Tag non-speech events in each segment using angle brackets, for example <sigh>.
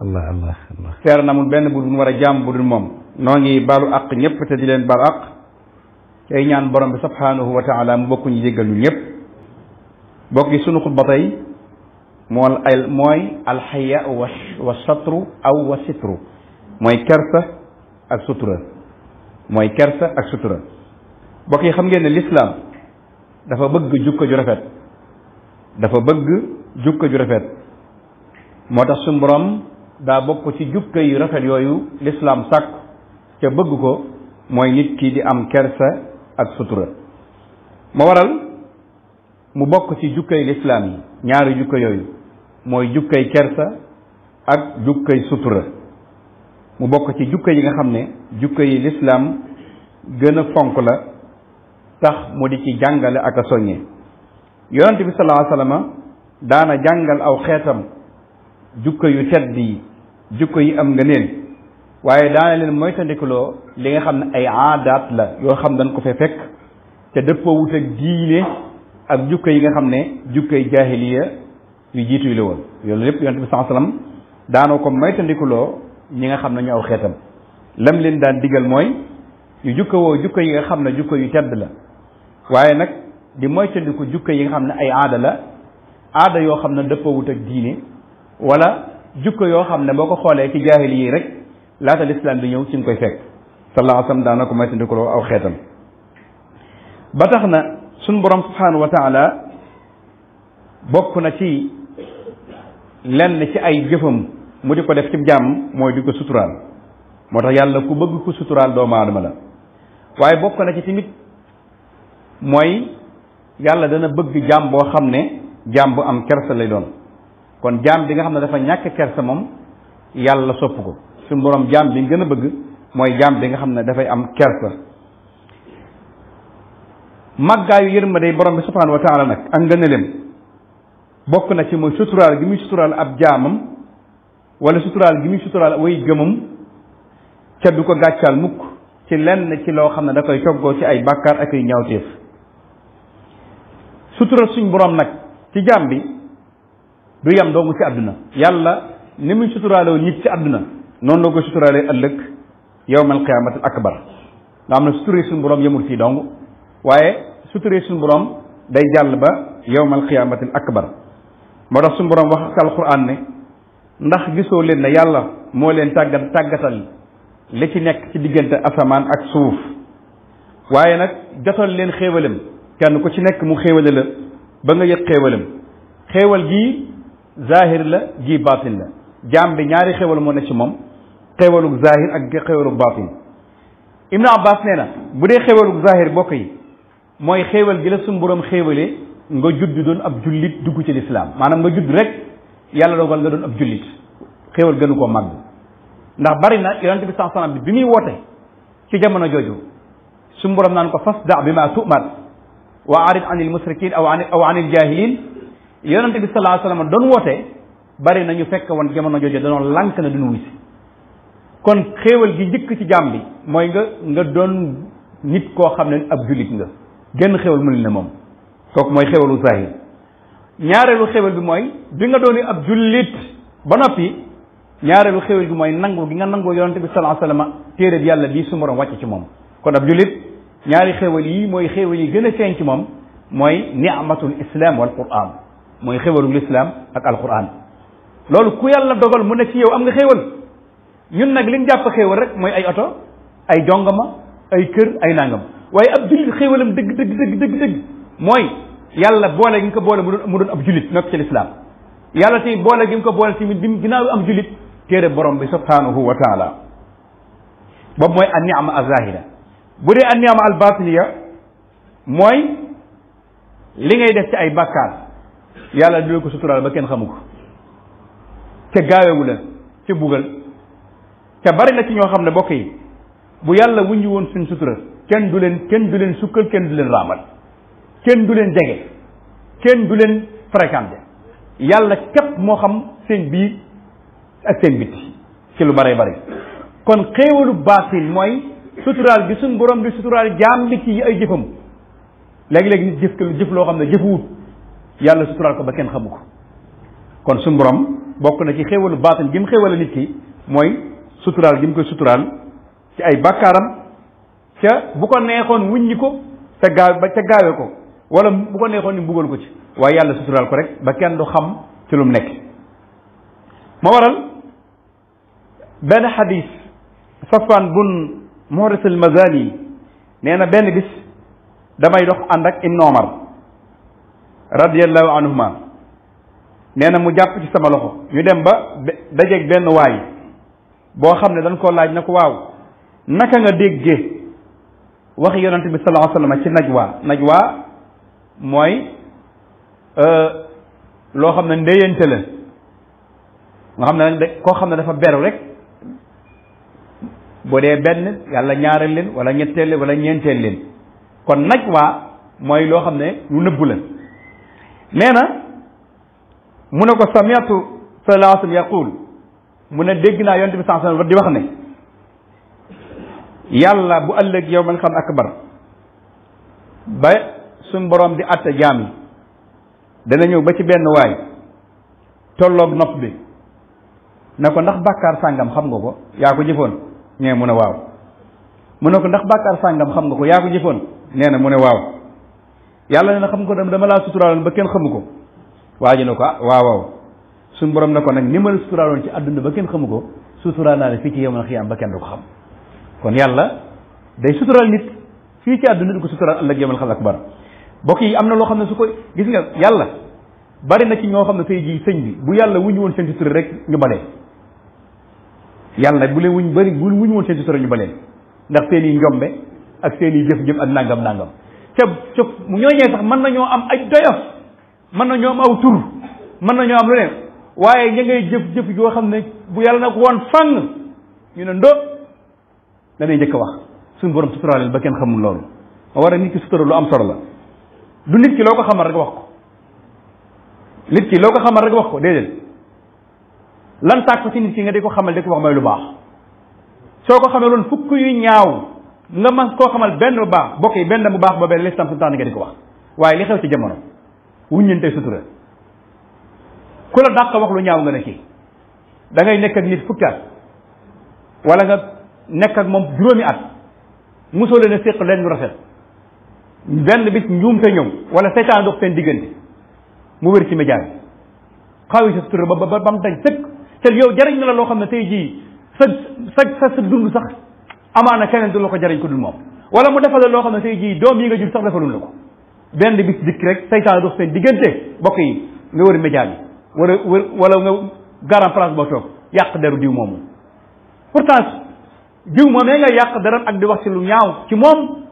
allah allah allah feer na amul benn bu dul war a jaam bu dul moom noo ngi baalu àq ñëpp te di leen baalu àq tey ñaan borom bi subhanahu wa taala mu bokku ñu jéggal ñun ñëpp bokk yi sunu xutba tey mool ay mooy alxaya wa wa satru aw wa sitru mooy kersa ak sutura mooy kersa ak sutura bokk yi xam ngeen ne lislaam dafa bëgg jukka ju rafet dafa bëgg jukka ju rafet moo tax suñu borom daa bokk ci jubte yu rafet yooyu lislaam sàkk ca bëgg ko mooy nit ki di am kersa ak sutura ma waral mu bokk ci jukkay lislaam yi ñaari jukka yooyu mooy jukkay kersa ak jukkay sutura mu bokk ci jukka yi nga xam ne jukka yi lislaam gën a fonk la tax mu di ci jàngale ak a soññe yonent bi sallallahu daana jàngal aw xeetam jukka yu tedd yi jikko yi am nga neen waaye daana leen moytandikuloo li nga xam ne ay aadaat la yoo xam dañ ko fe fekk te dëppoo wut ak diine ak jukko yi nga xam ne jukkoy jaahiliya yu jiitu yi la woon loolu lépp yonent bi saa sallam daanoo ko moytandikuloo ñi nga xam ne ñu aw xeetam lam leen daan digal mooy yu jukko woo jukko yi nga xam ne jukko yu tedd la waaye nag di moytandiku jukko yi nga xam ne ay aada la aada yoo xam ne dëppoo wut ak diine wala jukko yoo xam ne boo ko xoolee ci jaahil yi rek laata lislaam di ñëw ci nga koy fekk sallallahu alayhi wa sallam daana ko maytandiku loo aw xeetam ba tax na suñ borom subhanahu wa bokk na ci lenn ci ay jëfam mu di ko def ci jàmm mooy di ko suturaal moo tax yàlla ku bëgg ku suturaal doomu aadama la waaye bokk na ci tamit mooy yàlla dana bëgg jàmm boo xam ne jàmm bu am kersa lay doon kon jaam bi nga xam ne dafa ñàkk kersa moom yàlla sopp ko suñu boroom jaam bi gën a bëgg mooy jaam bi nga xam ne dafay am kersa màggaayu yërmande borom bi subhanahu wa taala nag ak ngëneelam bokk na ci mooy suturaal gi muy suturaal ab jaamam wala suturaal gi muy suturaal way gëmam ca du ko gàccaal mukk ci lenn ci loo xam ne da koy toggoo ci ay bàkkaar ak ay ñaawteef sutural suñ borom nag ci jaam bi du yam dong ci aduna yàlla ni muy suturaaloo nit ci aduna non la ko suturaalee yowmal qiyamati akbar nga xam ne suturee suñu borom yamul fii dong waye suturé sun borom day jàll ba yowmal qiyamati akbar mo tax sun borom wax ci qur'an ne ndax giso len na yàlla mo len tagat tagatal li ci nek ci digënté asaman ak suuf waye nak jotal len xéewalem kenn ku ci nek mu xéewale la ba nga yëg xéewalem xéewal gi zahir la ji batin la jaam bi ñaari xewal moo ne ci moom xewalug zahir ak xewalug batin ibnu abbas nee na bu dee xewalug zahir bokk yi mooy xewal gi la suñu borom xewalee nga judd doon ab jullit dugg ci lislaam maanaam nga judd rek yàlla dogal nga doon ab jullit xewal gënu koo màgg ndax bari na yonente bi saa bi bi muy woote ci jamono jooju suñu naan ko fasda bi ma tumar wa arid anil musrikin aw anil aw anil jahilin yonente bi salaa sallam doon woote bari ñu fekk woon jamono jooju danoon lànk na duñu wusi kon xéewal gi njëkk ci jaam bi mooy nga nga doon nit koo xam ne ab jullit nga genn xéewal mënul ne moom kooku mooy xéewalu zahir ñaareelu xéewal bi mooy bi nga doon ab jullit ba noppi ñaareelu xéewal bi mooy nangu bi nga nangoo yonente bi salaa sallam téere bi yàlla bii su moroom wàcc ci moom kon ab jullit ñaari xéewal yi mooy xéewal yi gën a feeñ ci moom mooy ni'matul islam wal qur'an mooy xéwalug lislaam ak alquran loolu ku yàlla dogal mu ne ci yow am nga xéwal ñun nag liñ jàpp xéwal rek mooy ay oto ay jongama ay kër ay nangam waaye ab jullit xéwalam dëgg dëgg dëgg dëgg mooy yàlla boole gi nga ko boole mu doon mu doon ab jullit nekk ci lislaam yàlla tey boole gi nga ko boole bi mu ginnaaw am jullit téere borom bi subhanahu wa taala boobu mooy an niama azahira bu dee an niama al batiniya mooy li ngay def ci ay bakkaar yàlla dina ko suturaal ba kenn xamu ko ca gaawewu la ca bugal ca bari na ci ñoo xam ne bokk yi bu yàlla wuññi woon suñ sutura kenn du leen kenn du leen sukkal kenn du leen raamal kenn du leen jege kenn du leen fréquenté yàlla képp moo xam seen biir ak seen bitti ci lu baree bari kon xéewalu baatin mooy suturaal bi suñ borom di suturaal jaam bi ci ay jëfam léegi-léegi nit jëf lu jëf loo xam ne jëfuwut yàlla sutural ko ba kenn xamu ko kon suñ borom bokk na ci xéwalu baatin gi mu xéewale nit ki mooy sutural gi mu koy sutural ci ay bàkkaaram ca bu ko neexoon wuññi ko te gaaw ba ca gaawe ko wala bu ko neexoon ni mbugal ko ci waaye yàlla sutural ko rek ba kenn du xam ci lu mu nekk ma waral benn xadis safaan bun muhris al mazani nee na benn bis damay dox ànd ak ibn omar radiyallahu anhuma nee na mu jàpp ci sama loxo ñu dem ba dajeeg benn waay boo xam ne dañ koo laaj na ko waaw naka nga déggee wax yonante bi sallallahu alayhi wasallam ci waa najwa waa mooy euh, loo xam ne ndeyante la nga xam ne koo xam ne dafa beru rek bu dee benn yàlla ñaareel leen wala ñetteel leen wala ñeenteel leen kon waa mooy loo xam ne lu nëbbu la nee na mu ne ko samiatu sallallahu alayhi yaqul mu ne dégg naa yonent bi sallallahu alayhi di wax ne yàlla bu ëllëg yow man xam akbar ba suñ boroom di àtte jaam yi dana ñëw ba ci benn waay tolloog nopp bi na ko ndax bàkkaar sàngam xam nga ko yaa ko jëfoon ñee mu ne waaw mu ne ko ndax bàkkaar sàngam xam nga ko yaa ko jëfoon nee na mu ne waaw yàlla ne na xam ko dama laa suturaaloon ba kenn xamu ko waa ji ne ko ah waaw waaw suñ borom ne ko nag ni ma la suturaaloon ci àdduna ba kenn xamu ko suturaa naa ne fii ci ba kenn du ko xam kon yàlla day suturaal nit fii ci àdduna du ko suturaal ëllëg yemal xal akbar mbokk yi am na loo xam ne su ko gis nga yàlla bari na ci ñoo xam ne tey jii sëñ bi bu yàlla wuñu woon seen sutura rek ñu balee yàlla bu leen wuñ bari bu wuñu woon seen ñu balee ndax seen i njombe ak seen i jëf-jëf ak nangam nangam ca ca ñooñee sax mën nañoo am ay doyof mën nañoo am aw tur mën nañoo am lu ne waaye ña ngay jëf jëf yoo xam ne bu yàlla nag woon fang ñu ne ndo danay njëkk wax suñu borom suturaaleel ba kenn xamul loolu war a nit ki sutura lu am solo la du nit ki loo ko xamal rek wax ko nit ki loo ko xamal rek wax ko déedéet lan tàkk ci nit ki nga de ko xamal di ko wax mooy lu baax soo ko xamee loon fukk yu ñaaw nga man koo xamal benn bu baax bokk yi benn bu baax boobee lislam santaane nga di ko wax waaye li xew ci jamono wuññante sutura ku la dàq wax lu ñaaw nga ne kii da ngay nekk ak nit fukki at wala nga nekk ak moom juróomi at mosoo leen a séq leen lu rafet benn njuum njuumte ñëw wala seytaan dox seen diggante mu wér ci média bi xaw sa sutura ba ba ba mu dañ sëkk te yow jariñ na loo xam ne tey jii sa sa sa dund sax amaana keneen du la ko jariñ ko dul moom wala mu defal loo xam ne tey jii doom yi nga jur sax defalul la ko benn bis dikk rek saytaan dox seen diggante bokk yi nga wër média yi wala wër wala nga garan place boo toog yàq deru diw moomu pourtant diw moom nga yàq deram ak di wax ci lu ñaaw ci moom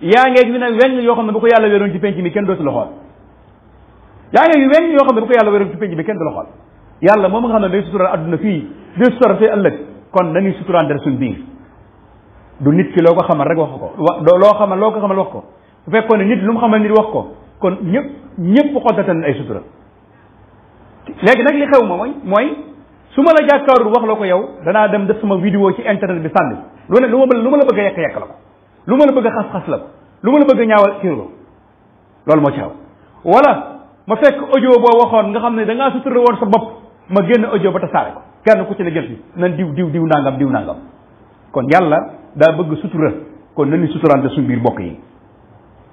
yaa ngeeg yu ne weñ yoo xam ne bu ko yàlla wéroon ci penc mi kenn dootu la yu weñ yoo ne yàlla wéroon ci penc mi kenn du la xool yàlla moom nga xam ne day suturaan adduna fii day suturaan fii ëllëg kon nañuy suturaan dara suñ bii du nit ki loko xamal rek wax ko lo xamal loko xamal wax ko su fekkoon nit lu mu xamal nit wax ko kon ñëpp ñëpp xottatan ay sutura legi nak li xew ma moy moy suma la jàkkaarul wax lako yow dana dem def sama vidéo ci internet bi sànni lu ne luma luma la bëgg yek yek lako luma la bëgg xass xass lako luma la bëgg ñaawal ci xiirlo loolu mo ci xew wala ma fekk audio bo waxon nga xamne da nga sutura won sa bop ma génn audio ba tasaare ko kenn ku ci la gel fi nan diw diw diw nangam diw nangam kon yàlla daa bëgg sutura kon nañu suturante suñu biir bokk yi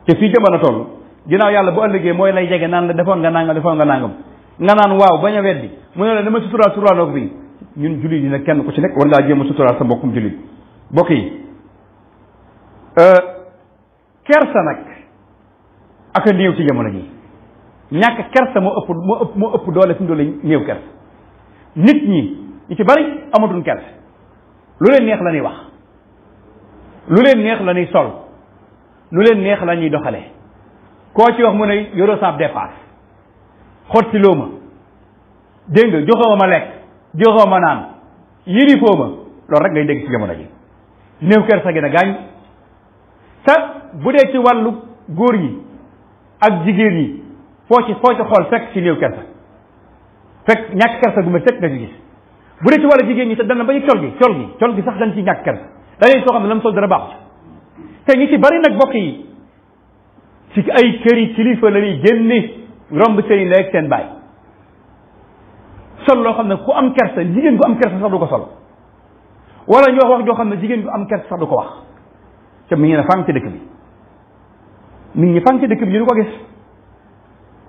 te fii jamono toll ginnaaw yàlla bu ëllëgee mooy lay jege naan la defoon nga nangam defoon nga nàngam nga naan waaw bañ a weddi mu ne la dama suturaal suturaal ko fii ñun jullit yi nag kenn ku si nekk war ngaa jéem a suturaal sa mbokkum jullit bokk yi euh, kersa nag ak a néew ci jamono ji ñàkk kersa moo ëpp moo ëpp moo ëpp doole fi mu doole néew kersa nit ñi ñi ci bari amatuñ kersa lu leen neex la ñuy wax lu leen neex la sol lu leen neex la ñuy doxale koo ci wax mu ne yoroo saab dépasse xottiloo ma dégg nga joxoo ma lekk joxoo ma naan yilifoo ma loolu rek ngay dégg ci jamono ji néew kersa gi na gaañ te bu dee ci wàllu góor yi ak jigéen yi foo ci foo ci xool fekk ci néew kersa fekk ñàkk kersa gu ma sëkk nga ci gis bu dee ci wàllu jigéen ñi te dana ba ci col gi col gi col gi sax dañ ci ñàkk kersa da ngay soo xam ne la mu sol dara baaxut te ñi ci bari nag bokk yi ci ay këri kilifa la ñuy génne romb seen i nekk seen baay sol loo xam ne ku am kersa jigéen gu am kersa sax du ko sol wala ñu wax wax xam ne jigéen gu am kersa sax du ko wax te mi ngi ne fang ci dëkk bi nit ñi fang ci dëkk bi ñu du ko gis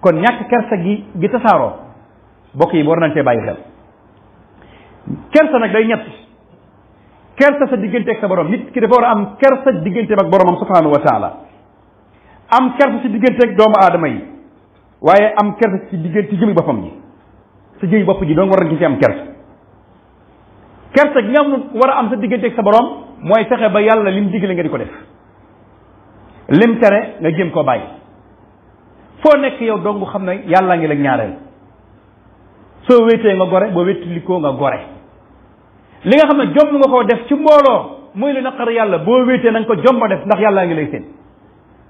kon ñàkk kersa gi gi tasaaroo bokk yi war nañ cee bàyyi xel kersa nag day ñett. kersa sa diggante ak sa borom nit ki dafa war a am kersa diggante ak boromam subhanahu wa taala am kersa si diggante ak doomu aadama yi waaye am kersa si diggante jëmi boppam yi sa jëmi bopp ji doon war a ci am kersa kersa gi war a am sa diggante ak sa borom mooy fexe ba yàlla lim digle nga di ko def lim tere nga jëm koo bàyyi foo nekk yow dong xam ne yàllaa ngi la ñaareel soo wéetee nga gore boo wéttalikoo nga gore li nga xam ne jomb nga koo def ci mbooloo muy lu naqar yàlla boo wéetee na ko jomba def ndax yàlla ngi lay seen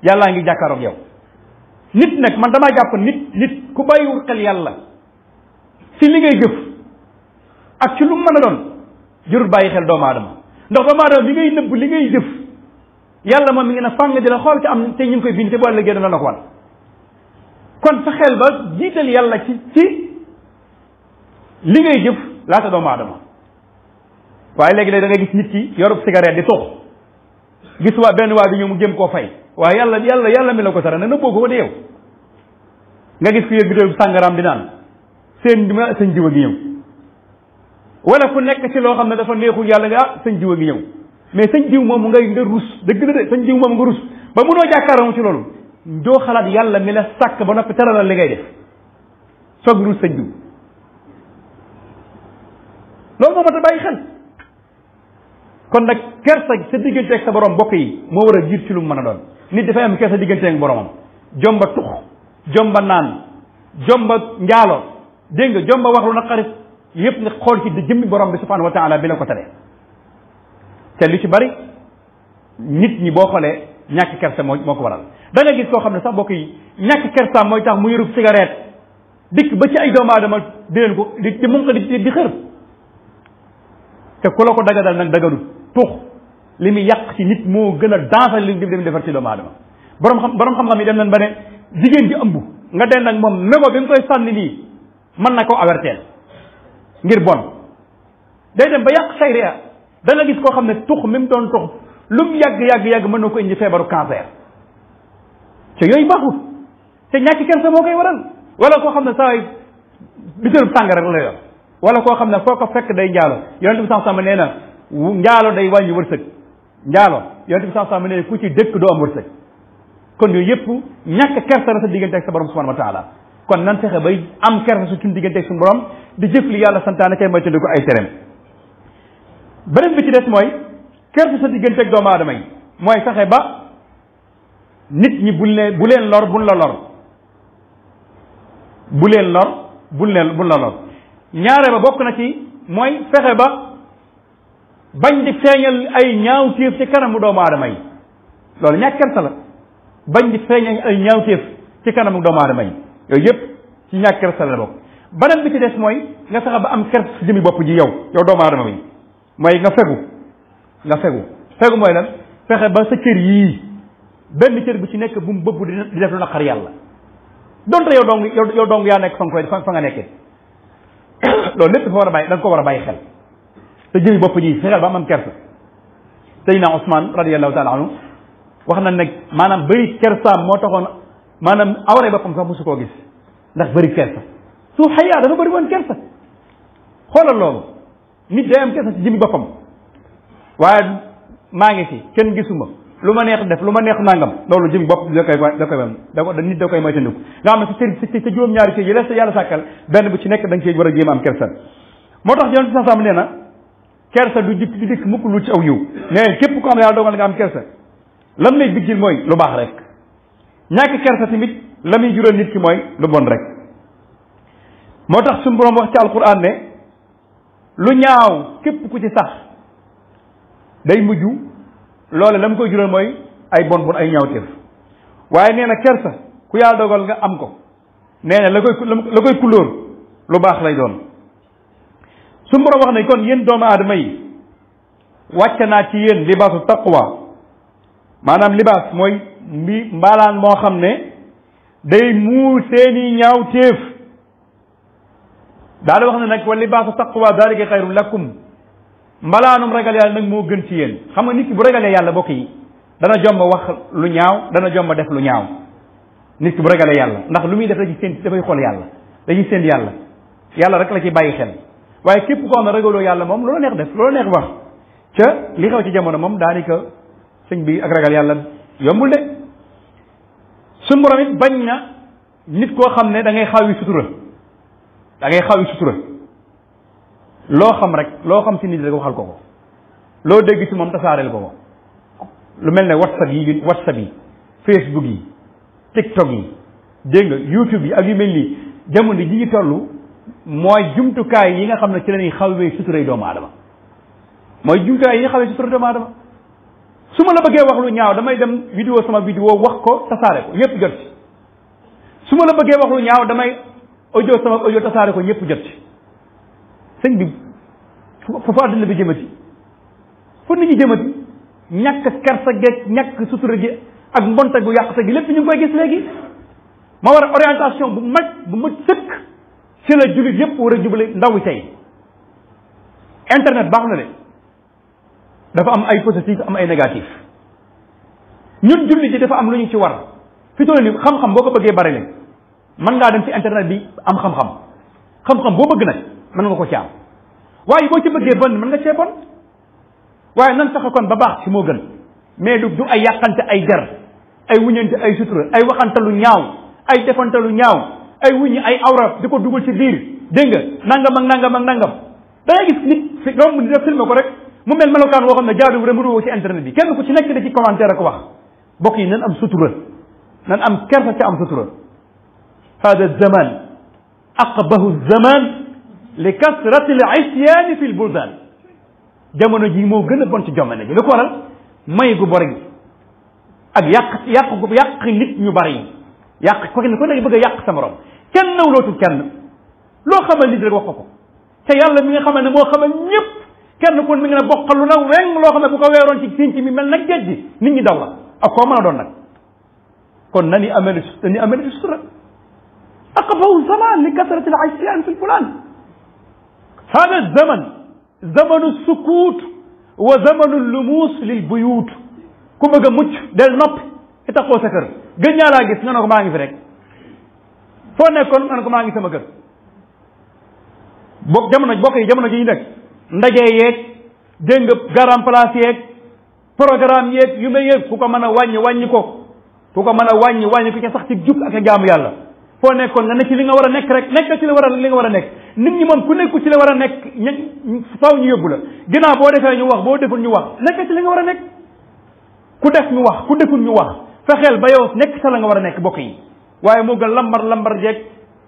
yàllaa ngi jàkkaaroog yow nit nag man damaa jàpp nit nit ku bàyyiwul xel yàlla ci li ngay jëf ak ci lu mën a doon jurul bàyyi xel doomu aadama ndax doomu aadama bi ngay nëbb li ngay jëf yàlla moom mi ngi ne fàng di la xool ci am te ñu ngi koy bind te boo liggéey dana la ko ba jiital yàlla ci ci li ngay jëf laata doomu aadama waaye léegi-léeg da gis nit ki yorub cigarette di tux gis waa benn waa bi ñëw mu jëm koo fay waaye yàlla yàlla yàlla mi la ko tere na nëbboo ko de yow nga gis ku yëg bi sàngaraam di naan seen ma seen jiw a ngi ñëw wala ku nekk ci loo xam ne dafa neexul yàlla nga ah, sëñ jiw a mais sëñ jiw moom ngay rus dëgg la de jiw moom nga rus ba mënoo jàkkaarloo ci loolu doo xalaat yàlla mi la sàkk ba noppi teralal li ngay def soog rus sëñ jiw loolu moo ma bàyyi xel kon nag kersa sa diggante ak sa borom mbokk yi moo war a jiir ci lu mu mën a doon nit dafay am kersa diggante ak boromam jomba tux jomba naan jomba njaalo dégg nga jomba wax lu na xarit yëpp nga xool ci di jëmmi borom bi subhanahu wa taala bi la ko tere te lu ci bari nit ñi boo xoolee ñàkk kersa moo moo ko waral da gis koo xam ne sax mbokk yi ñàkk kersa mooy tax mu yërub cigarette dikk ba ci ay doomu aadama di leen ko di di mën ko di di xër te la ko dagadal nag dagadul tux li muy yàq ci nit moo gën a dansal li dem defar ci doomu aadama borom xam borom xam-xam yi dem nañ ba ne jigéen ji ëmb nga den nag moom ne bi nga koy sànni nii mën na koo averteel ngir bon day dem ba yàq sayria da nga gis koo xam ne tux mi mu doon tux lu mu yàgg yàgg yàgg mën na ko indi feebaru cancer te yooyu baaxul te ñàkk kersa moo koy waral wala koo xam ne saa bitéel sàng rek la yor wala koo xam ne foo ko fekk day njaalo yonent bi sax nee na njaalo day wàññi wërsëg njaalo yonent bi saa saa ne ku ci dëkk doo am wërsëg kon yooyu yëpp ñàkk kersa la sa diggante ak sa borom subhanahu wa kon nan fexe ba am kersa su suñu diggante ak suñu borom di jëf li yàlla santaane kay mooy tëndiku ay tereem beneen bi ci des mooy kersa sa diggante ak doomu aadama yi mooy fexe ba nit ñi bu leen bu leen lor buñ la lor bu leen lor buñ la lor ñaare ba bokk na ci mooy fexe ba bañ di feeñal ay ñaaw ñaawteef ci kanamu doomu aadama yi loolu ñàkk kersa la bañ di feeñal ay ñaaw ñaawteef ci kanamu doomu aadama yi yooyu yëpp ci ñàkk kersa la bokk beneen bi ci des mooy nga fexe ba am kersa jëmi bopp ji yow yow doomu aadama bi mooy nga fegu nga fegu fegu mooy lan fexe ba sa cër yii benn cër bu ci nekk bu mu bëbb di def lu naqar yàlla donte yow dong yow dong yaa nekk fa nga koy fa nga nekkee <coughs> loolu lépp dafa war a bàyyi da ko war a bàyyi xel te jëmi bopp ji fexeel ba am kersa Seydina Ousmane radiyallahu taala anhu wax na nag maanaam bëri kersaam moo taxoon maanaam awree boppam sax mosu ko gis ndax bëri kersa su xayaa dafa bëri woon kersa xoolal loolu nit day am kersa ci jëmi boppam waaye maa ngi fi kenn gisuma lu ma neex def lu ma neex nangam loolu jëmi bopp da koy da da ko nit da koy moytandiku nga xam ne sa cër sa juróom-ñaari cër yi ci nekk da nga war a jéem am kersa moo nee na kersa du jikk du dikk mukk lu ci aw yiw nee képp ko am yàlla dogal nga am kersa lam lay bijjil mooy lu baax rek ñàkk kersa tamit la muy jural nit ki mooy lu bon rek moo tax suñu boroom wax ci alquran ne lu ñaaw képp ku ci sax day mujj loole la mu koy jural mooy ay bon bon ay ñaawteef waaye nee na kersa ku yàlla dogal nga am ko nee na la koy la lu baax lay doon suñu borom wax ne kon yéen doomu aadama yi wàcce naa ci yéen libaasu taqwa maanaam libaas mooy mbi mbalaan moo xam ne day muur seeni ñaaw téef daal wax ne nag wa libaasu taqwa daalika xayrun lakum mbalaanum ragal yàlla nag moo gën ci yéen xam nga nit ki bu ragalee yàlla bokk yi dana jomba wax lu ñaaw dana jomba def lu ñaaw nit ki bu ragalee yàlla ndax lu muy def da ci seen dafay xool yàlla dañuy ci seen yàlla yàlla rek la ci bàyyi xel waaye képp ko xam ne ragaloo yàlla moom loola neex def loola neex wax ca li xew ci jamono moom daanaka sëñ bi ak ragal yàlla yombul de suñ borom it bañ na nit koo xam ne da ngay xaw sutura da ngay xaw sutura loo xam rek loo xam si nit rek waxal ko ko loo dégg si moom tasaareel ko ko lu mel ne whatsapp yi whatsapp yi facebook yi tiktok yi dégg nga youtube yi ak yu mel nii jamono ji ñu mooy jumtukaay yi nga xam ne ci la ñuy xawee suturay doomu aadama mooy jumtukaay yi nga xawee suturay doomu aadama su ma la bëggee wax lu ñaaw damay dem vidéo sama vidéo wax ko tasaare ko ñëpp jot ci su ma la bëggee wax lu ñaaw damay audio sama audio tasaare ko ñëpp jot ci sëñ bi fa fa àdduna bi jëmati fu nit ñi jëmati ñàkk kersa geeg ñàkk sutura gi ak mbonte gu yàq sa gi lépp ñu ngi koy gis léegi ma war a orientation bu mag bu mat sëkk ci la jullit yépp war a jubale ndaw tey internet baax na de dafa am ay positif am ay négatif ñun jullit yi dafa am lu ñu ci war fi toll ni xam-xam boo ko bëggee bari le mën ngaa dem ci internet bi am xam-xam xam-xam boo bëgg nag mën nga ko ci am waaye boo ci bëggee bon mën nga cee bon waaye nan sax kon ba baax ci moo gën mais du du ay yàqante ay der ay wuñante ay sutura ay waxante lu ñaaw ay defante lu ñaaw ay wuññi ay awra di ko dugal ci biir dégg nga nangam ak nangam ak nangam da ngay gis nit fi romb di def filmé ko rek mu mel melokaan woo xam ne jaadu rek mu ruwoo ci internet bi kenn ku ci nekk da ci commentaire ko wax bokk yi nan am sutura nan am kersa ca am sutura hada zaman aqbahu zaman li kasrati l isyaani fi l buldan jamono ji moo gën a bon ci jamono ji li ko waral may gu bori ak yàq yàq gu yàq nit ñu bari yi yàq ko ne ko nekk bëgg a yàq sa morom kenn nawlootul kenn loo xamal nit rek wax ko ko te yàlla mi nga xamal ne moo xamal ñëpp kenn kon mi ngi ne bokkal lu na weng loo xam ne bu ko weeroon ci pénc mi mel nag géej gi nit ñi daw la ak koo mën a doon nag kon nani amali nani amali sutura أقبه الزمان لكثرة العصيان lumus lil buyut ku زمن السكوت mucc del للبيوت كما مج sa نب اتقوا سكر جنيا لا جس نانو ngi fi rek foo nekkoon man ko maa ngi sama kër boog jamono bokk yi jamono ji ñu nekk ndaje yeeg dégg nga garam place yeeg programme yeeg yu mel yëpp ku ko mën a wàññi wàññi ko ku ko mën a wàññi wàññi ko ca sax ci jub ak a jaamu yàlla foo nekkoon nga ne ci li nga war a nekk rek nekk ci li war a nga war a nekk nit ñi moom ku nekku ci li war a nekk ña faw ñu yóbbu la ginnaaw boo defee ñu wax boo deful ñu wax nekk ci li nga war a nekk ku def ñu wax ku deful ñu wax fexeel ba yow nekk sa la nga war a nekk bokk yi waaye moo gën lambar lambar jeeg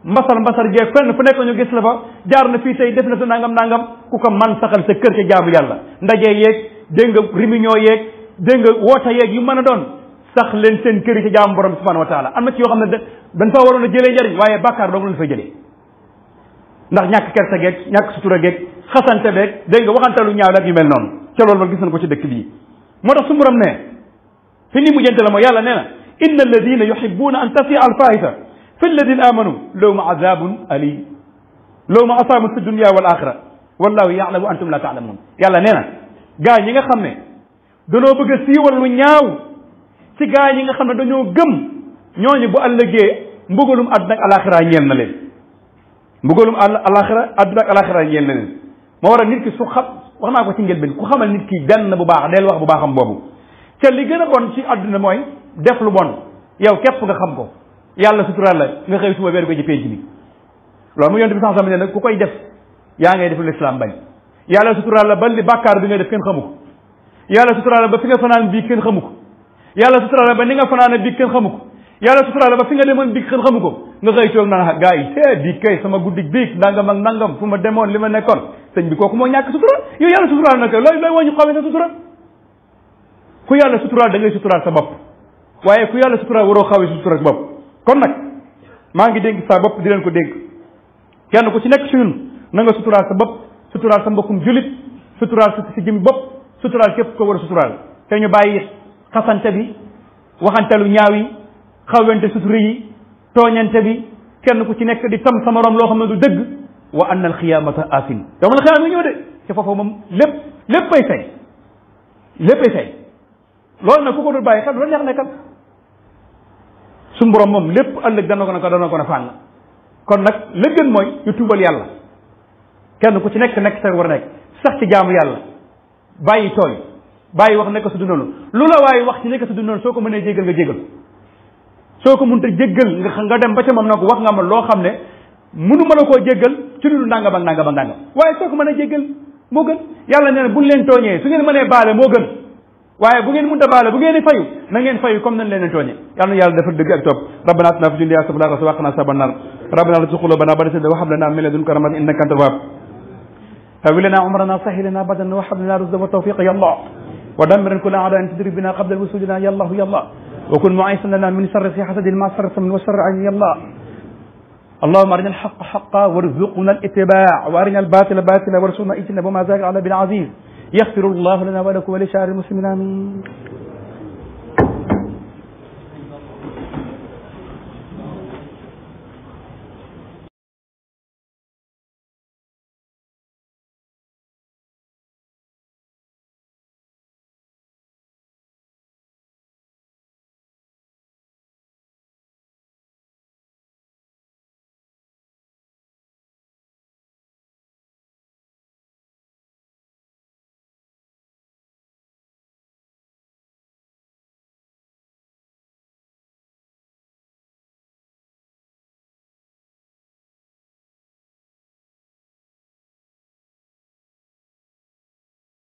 mbasal mbasal jeeg fenn fu nekk ñu gis la fa jaar na fii tey def na sa nangam nangam ku ko man saxal sa kër ca jaamu yàlla ndaje yeeg dégg nga réunion yeeg dégg nga woote yeeg yu mën a doon sax leen seen kër ci jaamu borom subhanahu wa taala am na ci yoo xam ne dañ fa waroon a jëlee njariñ waaye bàkkaar dong lañ fa jëlee ndax ñàkk kersa geeg ñàkk sutura geeg xasante beeg dégg nga waxante ñaaw yu mel noonu ca loolu ba gis na ko ci dëkk bii moo su ne fi ni mujjante la إلا الذين يحبون أن تسيع الفائدة في الذين آمنوا لهم عذاب أليم لهم أصاب في الدنيا والآخرة والله يعلم وأنتم لا تعلمون يلا نينا غاي نيغا خامني دانو بغا سيوال لو نياو سي غاي نيغا خامني دانيو گم ñooñu bu ëllëgee mbugalum àdduna ak alaxira ñeel na leen mbugalum alaxira àdduna ak alaxira ñeel na leen moo waral nit ki su xam wax naa ko ci njëlbeen ku xamal nit ki benn bu baax del wax bu baaxam boobu ca li gën a bon ci àdduna mooy def lu bon yow képp nga xam ko yàlla suturaal la nga xëy suba weer ko ci penc bi loolu mu yonte bi sax sama ne ku koy def yaa ngay def lu lislaam bañ yàlla suturaal la ba li bi nga def kenn xamu ko yàlla suturaal la ba fi nga fanaan bii kenn xamu ko yàlla suturaal la ba ni nga fanaan bii kenn xamu ko yàlla suturaal la ba fi nga demoon bii kenn xamu ko nga xëy toog naa gaa yi te kay sama guddi bii nangam ak nangam fu ma demoon li ma nekkoon sëñ bi kooku moo ñàkk sutura yow yàlla suturaal na ko looy looy wàññi xawee sa sutura ku yàlla suturaal da ngay suturaal sa bopp waaye ku yàlla sutura waroo xawee sutura ak bopp kon nag maa ngi dénk sa bopp di leen ko dénk kenn ku ci nekk si ñun na nga suturaal sa bopp suturaal sa mbokkum julit suturaal sa si jëmi bopp suturaal képp ko war a suturaal te ñu bàyyi xasante bi waxantelu ñaaw yi xawante sutura yi tooñante bi kenn ku ci nekk di tam sa morom loo xam ne du dëgg wa an al alxiyamata asin yow la xiyaam nga ñëw de ci foofu moom lépp léppay fay léppay fay loolu nag ku ko dul bàyyi xel lu neex nekkal suñu moom lépp ëllëg dana ko ne ko dana ko ne fànn kon nag la gën mooy ñu tuubal yàlla kenn ku ci nekk nekk sa war nekk sax ci jaamu yàlla bàyyi tooy bàyyi wax nekk su du noonu lu la waaye wax ci nekk su du soo ko mënee jéggal nga jéggal soo ko mënta jéggal nga nga dem ba ca moom na ko wax nga ma loo xam ne mënu ma a koo jéggal ci lu nangam ak nangam ak nangam waaye soo ko mënee jéggal moo gën yàlla nee na leen tooñee su ngeen mënee baale moo gën waye bu ngeen mu dabalé bu ngeen di fayu na ngeen fayu comme nañ leen a yàlla yàlla dafa dëgg ak top rabbana atina fi dunya hasanatan wa qina azaban nar rabbana la tuzigh qulubana ba'da idh hadaytana wa hab lana min ladunka rahmatan innaka antal wahhab هب لنا عمرنا وسهل لنا بدنا وهب لنا رزقا وتوفيقا يا الله ودمر كل اعداء تدري بنا قبل الوصول لنا يا الله يا الله وكن معيسا لنا من شر في حسد ما شر من وشر عين ya allah اللهم ارنا الحق حقا وارزقنا الاتباع وارنا الباطل باطلا وارزقنا اجتناب ما زاغ على بالعزيز yaxfirullahu lana wa lakum wa li shaari muslimin amin